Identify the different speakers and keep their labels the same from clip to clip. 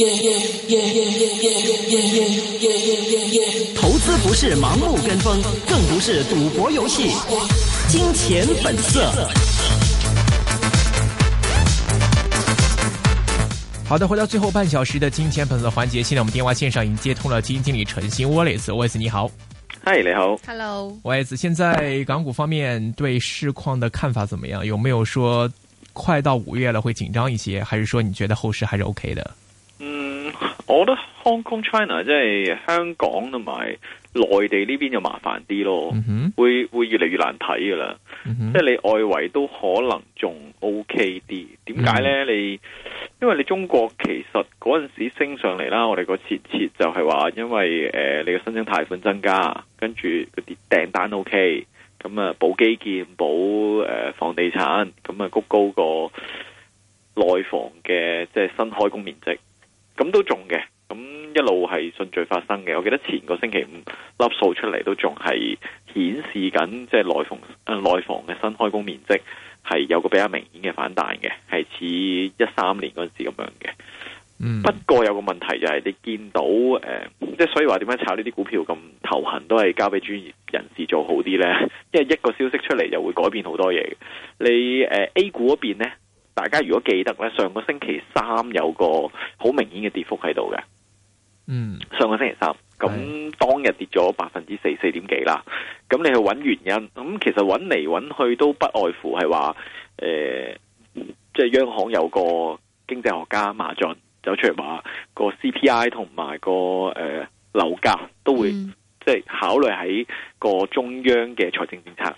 Speaker 1: 投資不是盲目跟風，更不是賭博遊戲。金錢本粉色。好的，回到最後半小時的金錢本色環節。現在我們電話線上已經接通了基金經理陳昕 Wallace，Wallace 你好，嗨你好，Hello，Wallace，現在港股方面對市況的看法怎麼樣？有沒有說快到五月了會緊張一些？還是說你覺得後市還是 OK 的？
Speaker 2: 我覺得 Hong Kong China 即係香港同埋內地呢邊就麻煩啲咯，mm-hmm. 會會越嚟越難睇噶啦。Mm-hmm. 即係你外圍都可能仲 OK 啲，點解呢？Mm-hmm. 你因為你中國其實嗰陣時升上嚟啦，我哋個設設就係話，因為誒、呃、你嘅申請貸款增加，跟住嗰啲訂單 OK，咁啊補基建補誒、呃、房地產，咁啊谷高個內房嘅即係新開工面積。咁都中嘅，咁一路係順序發生嘅。我記得前個星期五，粒數出嚟都仲係顯示緊，即係內房、呃、內房嘅新開工面積係有個比較明顯嘅反彈嘅，係似一三年嗰陣時咁樣嘅、嗯。不過有個問題就係你見到，誒、呃，即係所以話點解炒呢啲股票咁頭痕，都係交俾專業人士做好啲咧？因為一個消息出嚟就會改變好多嘢。你誒、呃，A 股嗰邊咧？大家如果記得咧，上個星期三有個好明顯嘅跌幅喺度嘅，嗯，上個星期三，咁當日跌咗百分之四四點幾啦。咁你去揾原因，咁其實揾嚟揾去都不外乎係話，誒、呃，即係央行有個經濟學家馬駿走出嚟話，個 CPI 同埋個誒、呃、樓價都會、嗯、即係考慮喺個中央嘅財政政策，.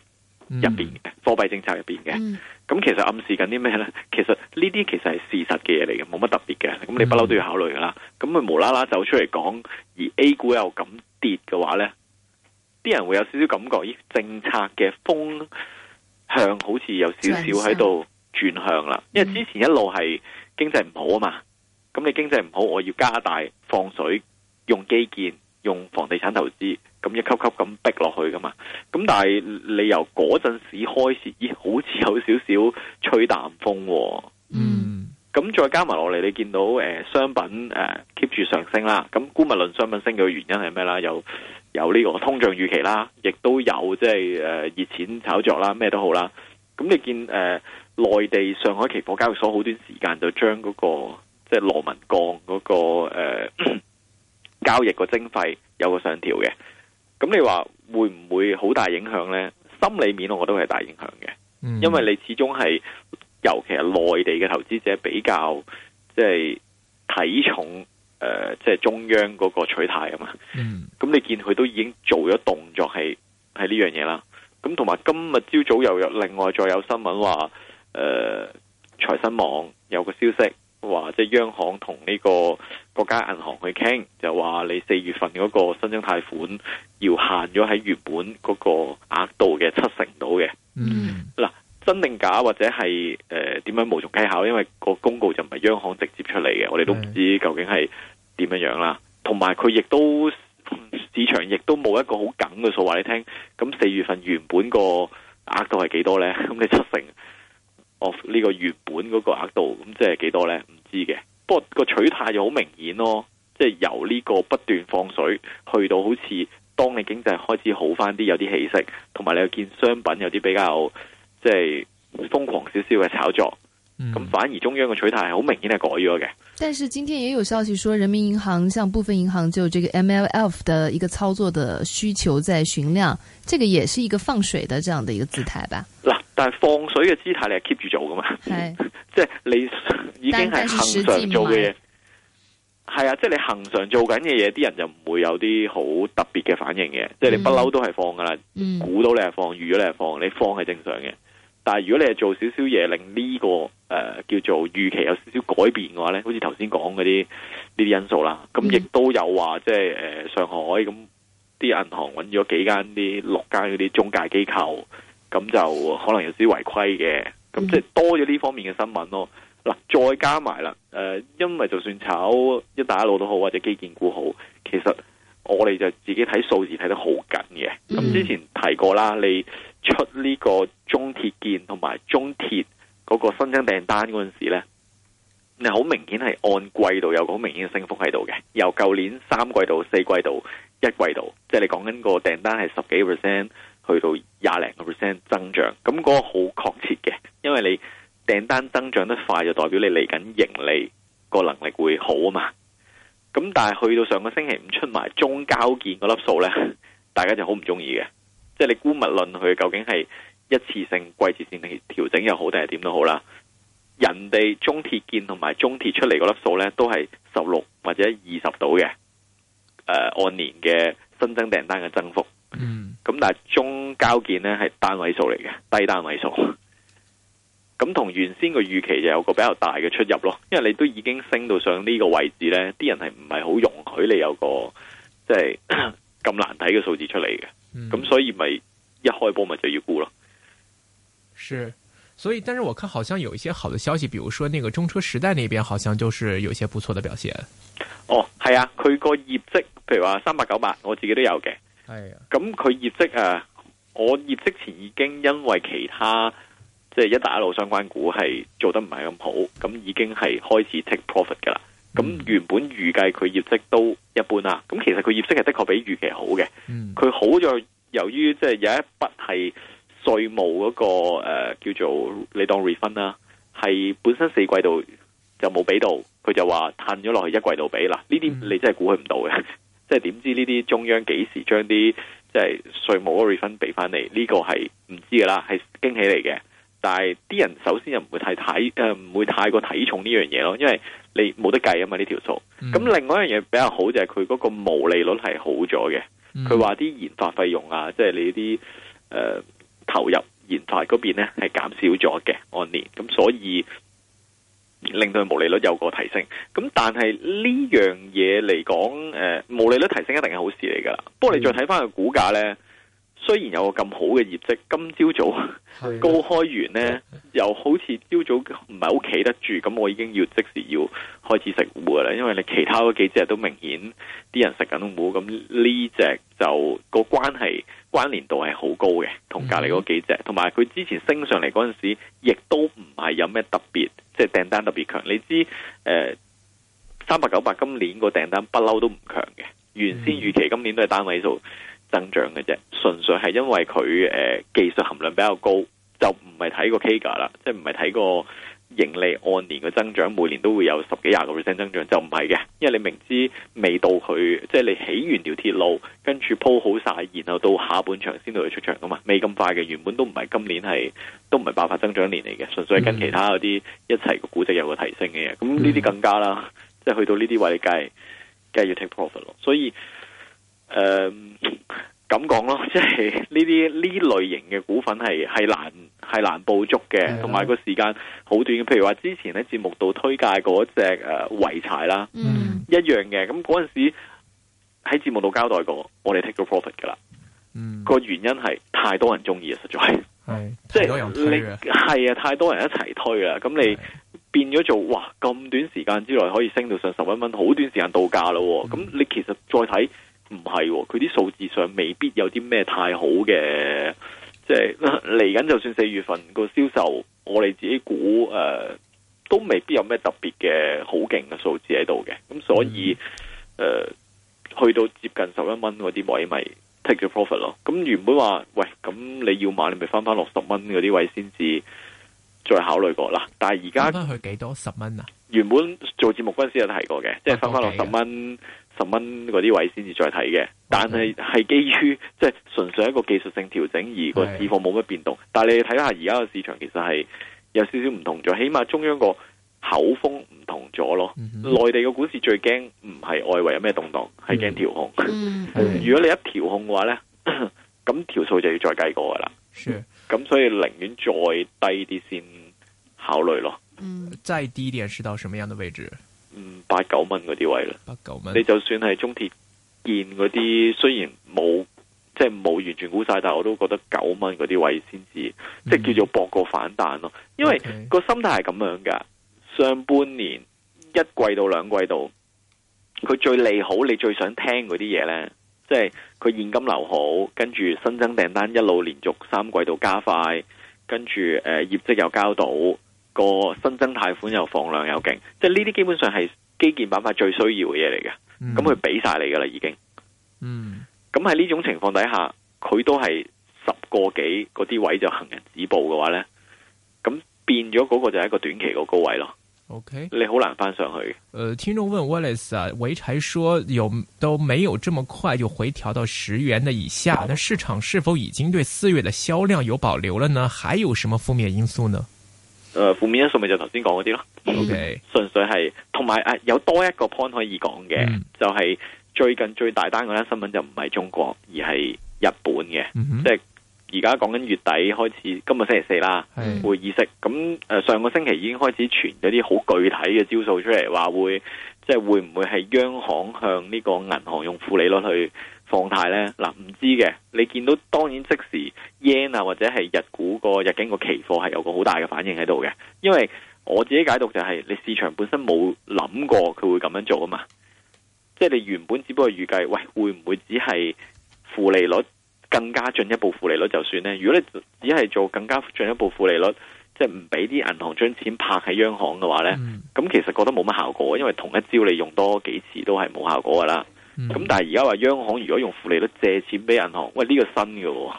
Speaker 2: 入邊嘅貨幣政策入邊嘅，咁、嗯、其實暗示緊啲咩咧？其實呢啲其實係事實嘅嘢嚟嘅，冇乜特別嘅。咁你不嬲都要考慮噶啦。咁、嗯、佢無啦啦走出嚟講，而 A 股又咁跌嘅話咧，啲人會有少少感覺，咦？政策嘅風向好似有少少喺度轉向啦、嗯。因為之前一路係經濟唔好啊嘛，咁你經濟唔好，我要加大放水，用基建，用房地產投資。咁一級級咁逼落去㗎嘛？咁但係你由嗰陣時開始，咦，好似有少少吹淡風喎、啊。嗯。咁再加埋落嚟，你見到、呃、商品 keep 住、呃、上升啦。咁姑勿論商品升嘅原因係咩啦？有有呢個通脹預期啦，亦都有即係誒熱錢炒作啦，咩都好啦。咁你見誒、呃、內地上海期貨交易所好短時間就將嗰、那個即係、就是、螺紋鋼嗰、那個、呃、交易個徵費有個上調嘅。咁你話會唔會好大影響呢？心理面，我覺得都係大影響嘅、嗯，因為你始終係，尤其係內地嘅投資者比較，即係睇重誒，即、呃、係、就是、中央嗰個取態啊嘛。咁、嗯、你見佢都已經做咗動作，係係呢樣嘢啦。咁同埋今日朝早又有另外再有新聞話，誒、呃、財新網有個消息。話即係央行同呢個國家銀行去傾，就話你四月份嗰個新增貸款要限咗喺原本嗰個額度嘅七成度嘅。嗯，嗱，真定假或者係誒點樣無從稽考，因為個公告就唔係央行直接出嚟嘅，我哋都唔知究竟係點樣樣啦。同埋佢亦都市場亦都冇一個好緊嘅數話你聽。咁四月份原本個額度係幾多咧？咁你七成？呢、哦呢個月本嗰個額度，咁即係幾多呢？唔知嘅。不過個取態就好明顯咯，即係由呢個不斷放水，去到好似當你經濟開始好翻啲，有啲氣息，同埋你又見商品有啲比較，即係瘋狂少少嘅炒作。咁、嗯、反而中央嘅取態係好明顯係改咗嘅。
Speaker 1: 但是今天也有消息
Speaker 2: 說，人民銀行向部分銀行就這個 MLF 的一個操作的需求在詢量，這個也是一個放水的這樣的一個姿態吧？嗱，但係放水嘅姿態你係 keep 住做噶嘛？係，即 係你
Speaker 1: 已經係恆常做嘅嘢。
Speaker 2: 係啊，即、就、係、是、你恆常做緊嘅嘢，啲人就唔會有啲好特別嘅反應嘅、嗯。即係你不嬲都係放噶啦，估、嗯、到你係放，預咗你係放，你放係正常嘅。但係如果你係做少少嘢，令呢、這個誒、呃、叫做預期有少少改變嘅話咧，好似頭先講嗰啲呢啲因素啦，咁亦都有話即係誒、呃、上海咁啲銀行搵咗幾間啲六間嗰啲中介機構，咁就可能有啲違規嘅，咁即係多咗呢方面嘅新聞咯。嗱，再加埋啦，誒、呃，因為就算炒一帶一路都好，或者基建股好，其實。我哋就自己睇數字睇得好緊嘅，咁之前提過啦，你出呢個中鐵建同埋中鐵嗰個新增訂單嗰陣時呢，你好明顯係按季度有個好明顯嘅升幅喺度嘅，由舊年三季度、四季度、一季度，即係你講緊個訂單係十幾個 percent 去到廿零個 percent 增長，咁嗰個好確切嘅，因為你訂單增長得快，就代表你嚟緊盈利個能力會好啊嘛。咁但係去到上個星期五出埋中交建嗰粒數咧，大家就好唔鍾意嘅，即係你姑勿論佢究竟係一次性季節性調整又好定係點都好啦。人哋中鐵建同埋中鐵出嚟嗰粒數咧，都係十六或者二十度嘅，誒、呃、按年嘅新增訂單嘅增幅。咁、嗯、但係中交建咧係單位數嚟嘅，低單位數。咁同原先嘅預期就有個比較大嘅出入咯，因為你都已經升到上呢個位置咧，啲人係唔係好容許你有個即係咁難睇嘅數字出嚟嘅，咁、嗯、所以咪一開波咪就要沽咯。
Speaker 1: 是，所以，但是我看好像有一些好的消息，比如說那個中車時代那邊好像就是有一些不錯的表現。
Speaker 2: 哦，係啊，佢個業績，譬如話三百九百，我自己都有嘅。係、哎、啊，咁佢業績啊，我業績前已經因為其他。即係一帶一路相關股係做得唔係咁好，咁已經係開始 take profit 噶啦。咁原本預計佢業績都一般啦，咁其實佢業績係的確比預期好嘅。佢好在由於即係有一筆係稅務嗰、嗰個誒、呃、叫做你當 refund 啦，係本身四季度就冇俾到，佢就話褪咗落去一季度俾啦。呢啲你真係估佢唔到嘅， 即係點知呢啲中央幾時將啲即係稅務嗰 refund 俾翻你？呢、這個係唔知噶啦，係驚喜嚟嘅。但係啲人首先又唔會太睇，誒、呃、唔會太過睇重呢樣嘢咯，因為你冇得計啊嘛呢條數。咁、嗯、另外一樣嘢比較好就係佢嗰個毛利率係好咗嘅。佢話啲研發費用啊，即、就、係、是、你啲誒、呃、投入研發嗰邊咧係減少咗嘅按年，咁所以令到的毛利率有個提升。咁但係呢樣嘢嚟講，誒、呃、毛利率提升一定係好事嚟噶啦。不過你再睇翻個股價咧。雖然有個咁好嘅業績，今朝早，早高開完呢，又好似朝早唔係好企得住，咁我已經要即時要開始食糊噶啦。因為你其他嗰幾隻都明顯啲人食緊糊。咁呢隻就個關係關聯度係好高嘅，同隔離嗰幾隻，同埋佢之前升上嚟嗰陣時，亦都唔係有咩特別，即係訂單特別強。你知三百九百今年個訂單不嬲都唔強嘅，原先預期今年都係單位數。增長嘅啫，純粹係因為佢、呃、技術含量比較高，就唔係睇個 K 價啦，即唔係睇個盈利按年嘅增長，每年都會有十幾廿個 percent 增長，就唔係嘅，因為你明知未到佢，即係你起完條鐵路，跟住鋪好晒，然後到下半場先到佢出場噶嘛、啊，未咁快嘅。原本都唔係今年係都唔係爆發增長年嚟嘅，純粹係跟其他嗰啲一齊個估值有個提升嘅嘢。咁呢啲更加啦，即係去到呢啲位計，梗係梗係要 take profit 咯。所以、呃咁講咯，即係呢啲呢類型嘅股份係係難係難捕捉嘅，同埋個時間好短嘅。譬如話之前喺節目度推介嗰隻誒濰柴啦，一樣嘅。咁嗰陣時喺節目度交代過，我哋 take 咗 profit 噶啦。個、嗯、原因係太多人中意啊，實在
Speaker 1: 係即係你
Speaker 2: 係啊，太多人一齊推啊，咁你變咗做哇咁短時間之內可以升到上十一蚊，好短時間到價咯。咁、嗯、你其實再睇。唔係喎，佢啲數字上未必有啲咩太好嘅，即係嚟緊就算四月份個銷售，我哋自己估、呃、都未必有咩特別嘅好勁嘅數字喺度嘅，咁所以、嗯呃、去到接近十一蚊嗰啲位咪 take the profit 咯。咁原本話喂，咁你要買你咪翻翻六十蚊嗰啲位先至再考慮過啦。但係而家翻
Speaker 1: 去幾多十蚊啊？
Speaker 2: 原本做節目嗰陣時有提過嘅，即係翻翻六十蚊。多多十蚊嗰啲位先至再睇嘅，但係係基於即係純粹一個技術性調整，而個市況冇乜變動。嗯、但係你睇下而家個市場其實係有少少唔同咗，起碼中央個口風唔同咗咯，嗯。內地嘅股市最驚唔係外圍有咩動盪，係驚調控，
Speaker 1: 嗯
Speaker 2: 嗯。如果你一調控嘅話咧，咁條 數就要再計過噶啦。咁所以寧願再低啲先考慮咯。
Speaker 1: 再，嗯，低一點是到什麼樣的位置
Speaker 2: 八九蚊嗰啲位啦，你就算係中鐵建嗰啲，雖然冇即係冇完全估晒，但係我都覺得九蚊嗰啲位先至、嗯，即係叫做博個反彈咯。因為、okay. 個心態係咁樣噶，上半年一季度到兩季度，佢最利好你最想聽嗰啲嘢呢，即係佢現金流好，跟住新增訂單一路連續三季度加快，跟住誒、呃、業績又交到個新增貸款又放量又勁，即係呢啲基本上係。基建板塊最需要嘅嘢嚟嘅，咁佢俾晒你噶啦，已經。嗯，咁喺呢種情況底下，佢都係十個幾嗰啲位就行人止步嘅話咧，咁變咗嗰個就係一個短期個高位咯。OK，你好難翻上去。
Speaker 1: 誒，聽眾問 Wallace 啊維柴說有都沒有這麼快就回調到十元的以下，那市場是否已經對四月嘅銷量有保留了呢？還有什麼負面因素呢？誒、
Speaker 2: 呃，負面因素咪就頭先講嗰啲咯。O K，純粹係，同埋有,、啊、有多一個 point 可以講嘅、嗯，就係、是、最近最大單嗰單新聞就唔係中國，而係日本嘅、嗯，即係而家講緊月底開始，今日星期四啦，會議息。咁誒、呃，上個星期已經開始傳咗啲好具體嘅招數出嚟，話會即係會唔會係央行向呢個銀行用負利率去放貸呢？嗱、啊，唔知嘅。你見到當然即時 yen 啊，或者係日股個日經期貨個期貨係有個好大嘅反應喺度嘅，因為。我自己解讀就係、是，你市場本身冇諗過佢會咁樣做啊嘛，即係你原本只不過預計，喂，會唔會只係負利率更加進一步負利率就算呢？如果你只係做更加進一步負利率，即係唔俾啲銀行將錢拍喺央行嘅話呢，咁、嗯、其實覺得冇乜效果，因為同一招你用多幾次都係冇效果噶啦。咁、嗯、但係而家話央行如果用負利率借錢俾銀行，喂呢、呢個新嘅、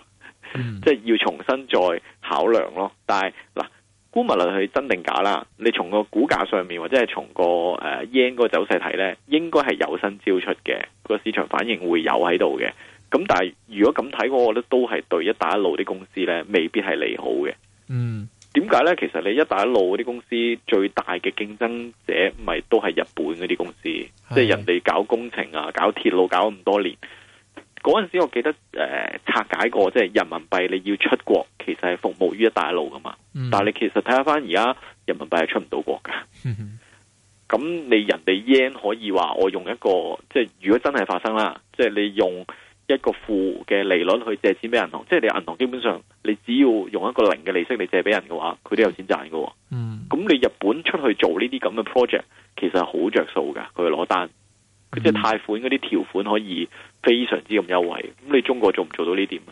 Speaker 2: 嗯，即係要重新再考量咯。但係嗱。姑勿論佢真定假啦，你從個股價上面或者係從個誒 yen 嗰個走勢睇咧，應該係有新招出嘅，個市場反應會有喺度嘅。咁但係如果咁睇，我我覺得都係對一帶一路啲公司咧，未必係利好嘅。嗯，點解咧？其實你一帶一路嗰啲公司最大嘅競爭者咪都係日本嗰啲公司，即係人哋搞工程啊、搞鐵路搞咁多年。嗰陣時，我記得誒、呃、拆解過，即係人民幣你要出國，其實係服務於一帶一路噶嘛。Mm-hmm. 但係你其實睇下翻而家人民幣係出唔到國㗎。咁、mm-hmm. 你人哋 yen 可以話我用一個即係如果真係發生啦，即係你用一個負嘅利率去借錢俾銀行，即係你銀行基本上你只要用一個零嘅利息嚟借俾人嘅話，佢都有錢賺喎。咁、mm-hmm. 你日本出去做呢啲咁嘅 project，其實係好着數㗎。佢去攞單。即係貸款嗰啲條款可以非常之咁優惠，咁你中國做唔做到呢點啊？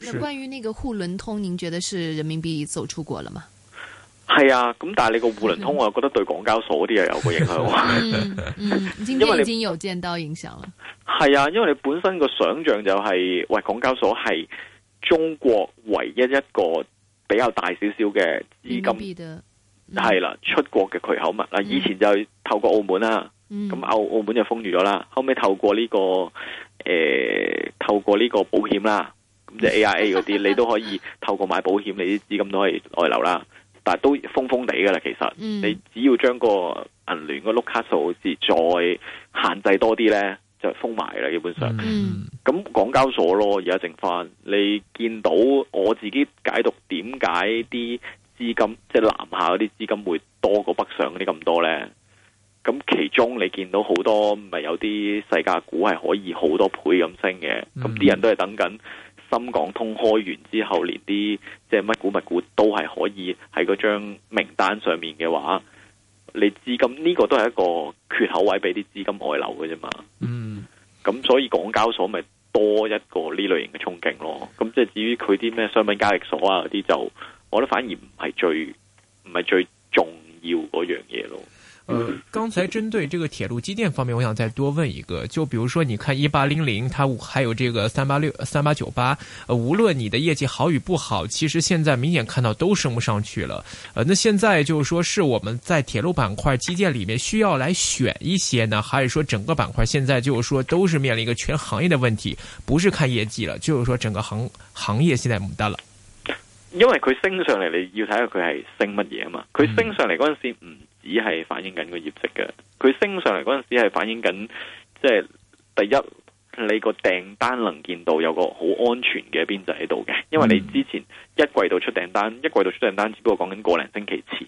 Speaker 2: 關於呢個滬倫通，您覺得是人民幣走出國了嗎？係啊，咁但係你個滬倫通，我又覺得對港交所啲又有個影響。嗯
Speaker 1: 嗯，因、嗯、為已經有見到影響啦。
Speaker 2: 係啊，因為你本身個想象就係、是、喂港交所係中國唯一一個比較大少少嘅資金，係啦、嗯啊，出國嘅渠口嘛。嗱、嗯，以前就透過澳門啦、啊。咁、嗯、澳澳門就封住咗啦，後尾透過呢、這個誒、呃，透過呢個保險啦，即係 AIA 嗰啲，你都可以透過買保險，你啲資金都可以外流啦，但係都封封地噶啦，其實、嗯、你只要將個銀聯嗰碌卡數字再限制多啲咧，就封埋啦，基本上。咁、嗯、港交所咯，而家剩翻，你見到我自己解讀，點解啲資金即係南下嗰啲資金會多過北上嗰啲咁多咧？咁其中你見到好多咪有啲世界股係可以好多倍咁升嘅，咁、嗯、啲人都係等緊深港通開完之後，連啲即係乜股乜股都係可以喺嗰張名單上面嘅話，你資金呢、這個都係一個缺口位，俾啲資金外流嘅啫嘛。嗯，咁所以港交所咪多一個呢類型嘅憧憬咯。咁即係至於佢啲咩商品交易所啊嗰啲就，我覺得反而唔係最唔係最重要嗰樣嘢咯。
Speaker 1: 呃，剛才針對這個鐵路基建方面，我想再多問一個，就比如說，你看一八零零，它還有這個三八六、三八九八，呃，無論你的業績好與不好，其實現在明顯看到都升不上去了。呃，那現在就是說，是我們在鐵路板塊基建裏面需要來選一些呢，還是說整個板塊現在就是說都是面臨一個全行業的問題，不是看業績了，就是說整個行行業現在沒單了？
Speaker 2: 因為佢升上嚟，你要睇下佢係升乜嘢嘛。佢升上嚟嗰陣時，嗯。只係反映緊個業績嘅，佢升上嚟嗰陣時係反映緊，即係第一你個訂單能見到有個好安全嘅邊際喺度嘅，因為你之前一季度出訂單，一季度出訂單只不過講緊個零星期前，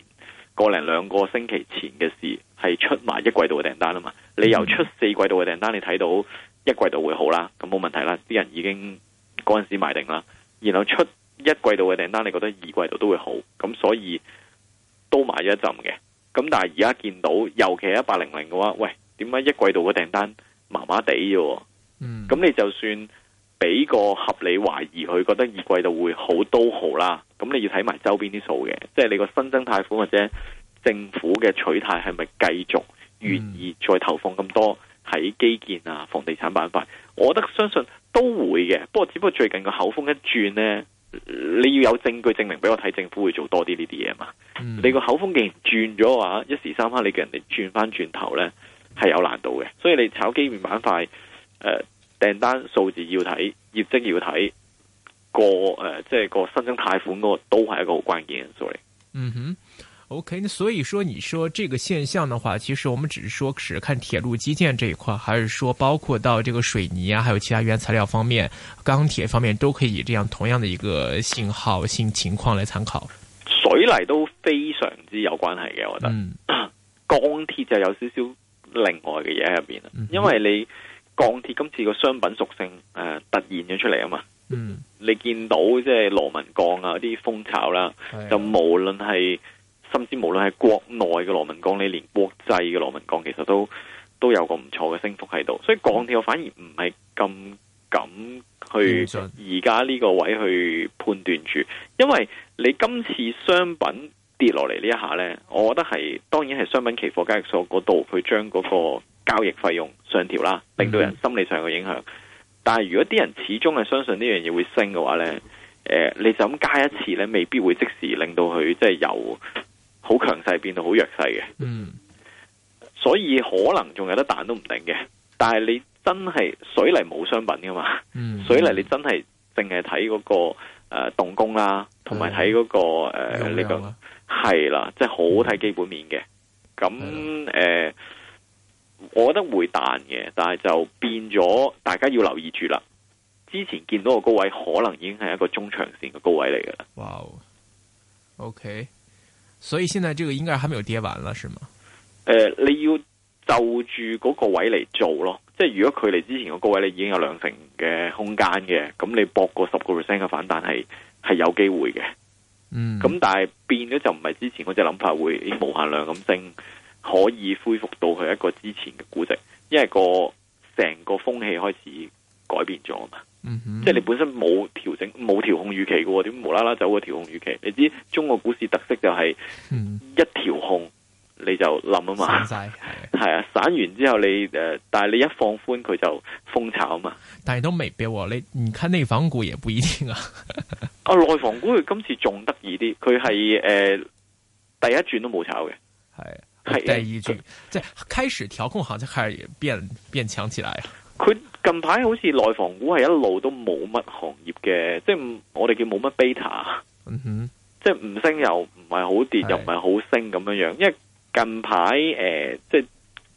Speaker 2: 個零兩個星期前嘅事係出埋一季度嘅訂單啦嘛。你由出四季度嘅訂單，你睇到一季度會好啦，咁冇問題啦，啲人已經嗰陣時買定啦，然後出一季度嘅訂單，你覺得二季度都會好，咁所以都買咗一陣嘅。咁但係而家見到，尤其係一八零零嘅話，喂，點解一季度嘅訂單麻麻地嘅？嗯，咁你就算俾個合理懷疑，佢覺得二季度會好都好啦。咁你要睇埋周邊啲數嘅，即係你個新增貸款或者政府嘅取態係咪繼續願意再投放咁多喺基建啊、房地產板塊？我覺得相信都會嘅，不過只不過最近個口風一轉呢。你要有證據證明俾我睇，政府會做多啲呢啲嘢嘛？你個口風既然轉咗嘅話，一時三刻你叫人哋轉翻轉頭呢係有難度嘅。所以你炒基建板塊，誒、呃，訂單數字要睇，業績要睇，個誒，即、呃、係、就是、個新增貸款嗰個都係一個好關鍵因素嚟。嗯
Speaker 1: 哼。O、okay, K，所以說，你說這個現象的話，其實我們只是說，只看鐵路基建這一塊，還是說包括到這個水泥啊，還有其他原材料方面、鋼鐵方面，都可以，以這樣同樣的一個信號性情況來參考。
Speaker 2: 水泥都非常之有關係嘅，我覺得。鋼、嗯、鐵就有少少另外嘅嘢喺入邊，因為你鋼鐵今次個商品屬性誒、呃、突然咗出嚟啊嘛，嗯，你見到即係螺紋鋼啊啲風潮啦、啊哎，就無論係。甚至無論係國內嘅羅文鋼你連，國際嘅羅文鋼其實都都有個唔錯嘅升幅喺度，所以鋼鐵我反而唔係咁敢去而家呢個位去判斷住，因為你今次商品跌落嚟呢一下呢，我覺得係當然係商品期貨交易所嗰度去將嗰個交易費用上調啦，令到人心理上嘅影響。嗯、但係如果啲人始終係相信呢樣嘢會升嘅話呢，呃、你就咁加一次咧，未必會即時令到佢即係有。好強勢變到好弱勢嘅，嗯，所以可能仲有得彈都唔定嘅。但係你真係水泥冇商品噶嘛、嗯，水泥你真係淨係睇嗰個誒動、呃、工啦，同埋睇嗰個誒呢、嗯呃這個係啦，即、嗯、係、就是、好睇基本面嘅。咁、嗯、誒、嗯呃，我覺得會彈嘅，但係就變咗，大家要留意住啦。之前見到個高位，可能已經係一個中長線嘅高位嚟噶啦。
Speaker 1: 哇、wow，OK。所以現在這個應該還沒有跌完了，是嗎？
Speaker 2: 誒、呃，你要就住嗰個位嚟做咯，即係如果距離之前嗰個位你已經有兩成嘅空間嘅，咁你搏個十個 percent 嘅反彈係係有機會嘅，嗯，咁但係變咗就唔係之前嗰隻諗法會已經無限量咁升，可以恢復到佢一個之前嘅估值，因為個成個風氣開始改變咗啊嘛。嗯、即係你本身冇調整冇調控預期嘅，點無啦啦走個調控預期？你知中國股市特色就係一調控、嗯、你就冧啊嘛，係啊，散、啊啊、完之後你誒、呃，但係你一放寬佢就封炒啊嘛。
Speaker 1: 但係都未必，你唔睇內房股也不一定啊。
Speaker 2: 啊，內房股佢今次仲得意啲，佢係誒第一轉都冇炒嘅，
Speaker 1: 係係、啊啊、第二轉，即係、啊、開始調控，好像開始變變強起來。
Speaker 2: 佢近排好似內房股係一路都冇乜行業嘅，即係我哋叫冇乜 beta，、mm-hmm. 即係唔升又唔係好跌又唔係好升咁樣樣。因為近排誒、呃，即係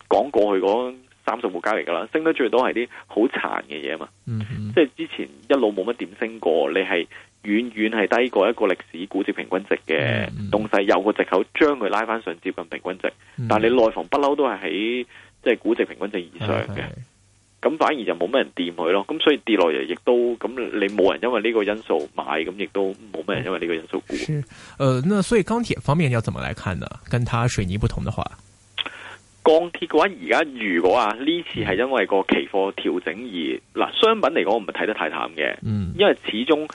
Speaker 2: 講過去嗰三十個交易日㗎噶啦，升得最多係啲好殘嘅嘢嘛，mm-hmm. 即係之前一路冇乜點升過，你係遠遠係低過一個歷史估值平均值嘅東西，mm-hmm. 動有個藉口將佢拉翻上接近平均值，mm-hmm. 但係你內房不嬲都係喺即係估值平均值以上嘅。是是咁反而就冇咩人掂佢咯，咁所以跌落嚟亦都，咁你冇人因為呢個因素買，咁亦都冇咩人因為呢個因素
Speaker 1: 沽。誒、嗯呃，那所以鋼鐵方面要怎麼來看呢？跟它水泥不同的話，
Speaker 2: 鋼鐵嘅話而家如果啊呢次係因為個期貨調整而嗱，商品嚟講我唔係睇得太淡嘅，嗯，因為始終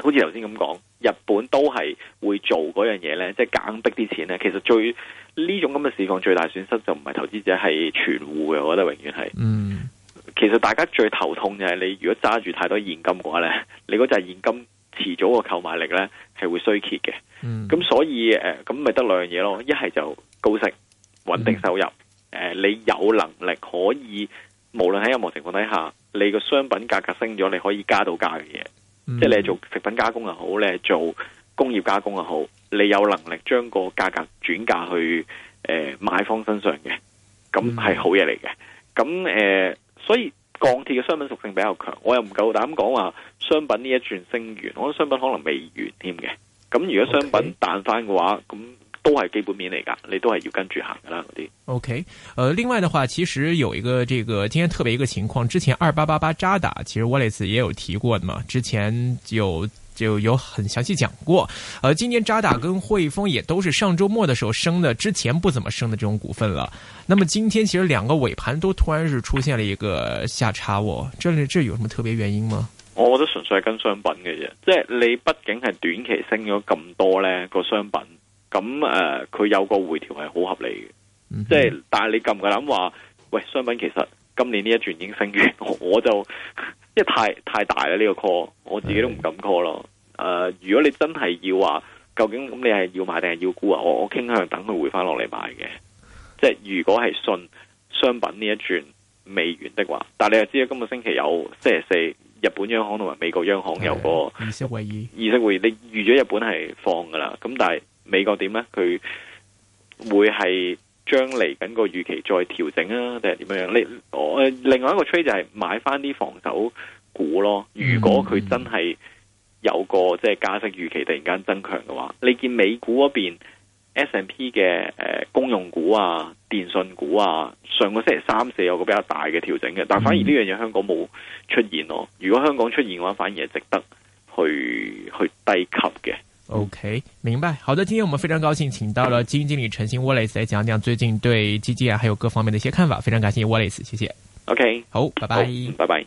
Speaker 2: 好似頭先咁講。日本都係會做嗰樣嘢咧，即係減逼啲錢咧。其實最呢種咁嘅市況，最大損失就唔係投資者係全戶嘅，我覺得永遠係。嗯，其實大家最頭痛就係你如果揸住太多現金嘅話咧，你嗰隻現金遲早個購買力咧係會衰竭嘅。咁、嗯、所以誒，咁咪得兩樣嘢咯，一係就高息穩定收入、嗯呃，你有能力可以無論喺任何情況底下，你個商品價格升咗，你可以加到價嘅嘢。嗯、即係你係做食品加工又好，你係做工業加工又好，你有能力將個價格轉嫁去誒、呃、買方身上嘅，咁係好嘢嚟嘅。咁誒、呃，所以鋼鐵嘅商品屬性比較強，我又唔夠膽講話商品呢一轉升完，我覺得商品可能未完添嘅。咁如果商品彈翻嘅話，咁、okay。都係基本面嚟噶，你都係要跟住行噶啦
Speaker 1: 嗰啲。OK，呃、另外的話，其實有一個這個今天特別一個情況，之前二八八八渣打，其實我類似也有提過的嘛，之前有就，就有很詳細講過。呃今天渣打跟匯豐也都是上周末的時候升的，之前不怎麼升的這種股份了。那麼今天其實兩個尾盤都突然是出現了一個下差，我，這裡這裡有什麼特別原因嗎？
Speaker 2: 我覺得純粹係跟商品嘅啫。即、就、係、是、你畢竟係短期升咗咁多呢、那個商品。咁誒，佢、呃、有個回調係好合理嘅，即、mm-hmm. 係但係你咁嘅諗話，喂，商品其實今年呢一轉已經升完，我就即係太太大啦呢、這個 call，我自己都唔敢 call 咯。誒、mm-hmm. 呃，如果你真係要話，究竟咁你係要買定係要沽啊？我我傾向等佢回翻落嚟買嘅。即、就、係、是、如果係信商品呢一轉未完的話，但係你又知道今個星期有星期四,四日本央行同埋美國央行有個
Speaker 1: 議息、mm-hmm. 會議，
Speaker 2: 議息會議你預咗日本係放噶啦，咁但係。美國點咧？佢會係將嚟緊個預期再調整啊，定係點樣？你我另外一個 trade 就係買翻啲防守股咯。如果佢真係有個即係、就是、加息預期突然間增強嘅話，你見美股嗰邊 S&P 嘅誒公用股啊、電信股啊，上個星期三四有個比較大嘅調整嘅，但係反而呢樣嘢香港冇出現咯。如果香港出現嘅話，反而係值得去去低吸嘅。
Speaker 1: OK，明白。好的，今天我們非常高興，請到了基金經理陳昕 Wallace 來講講最近對基建啊還有各方面的一些看法。非常感謝 Wallace，謝謝。OK，好，拜拜，
Speaker 2: 拜拜。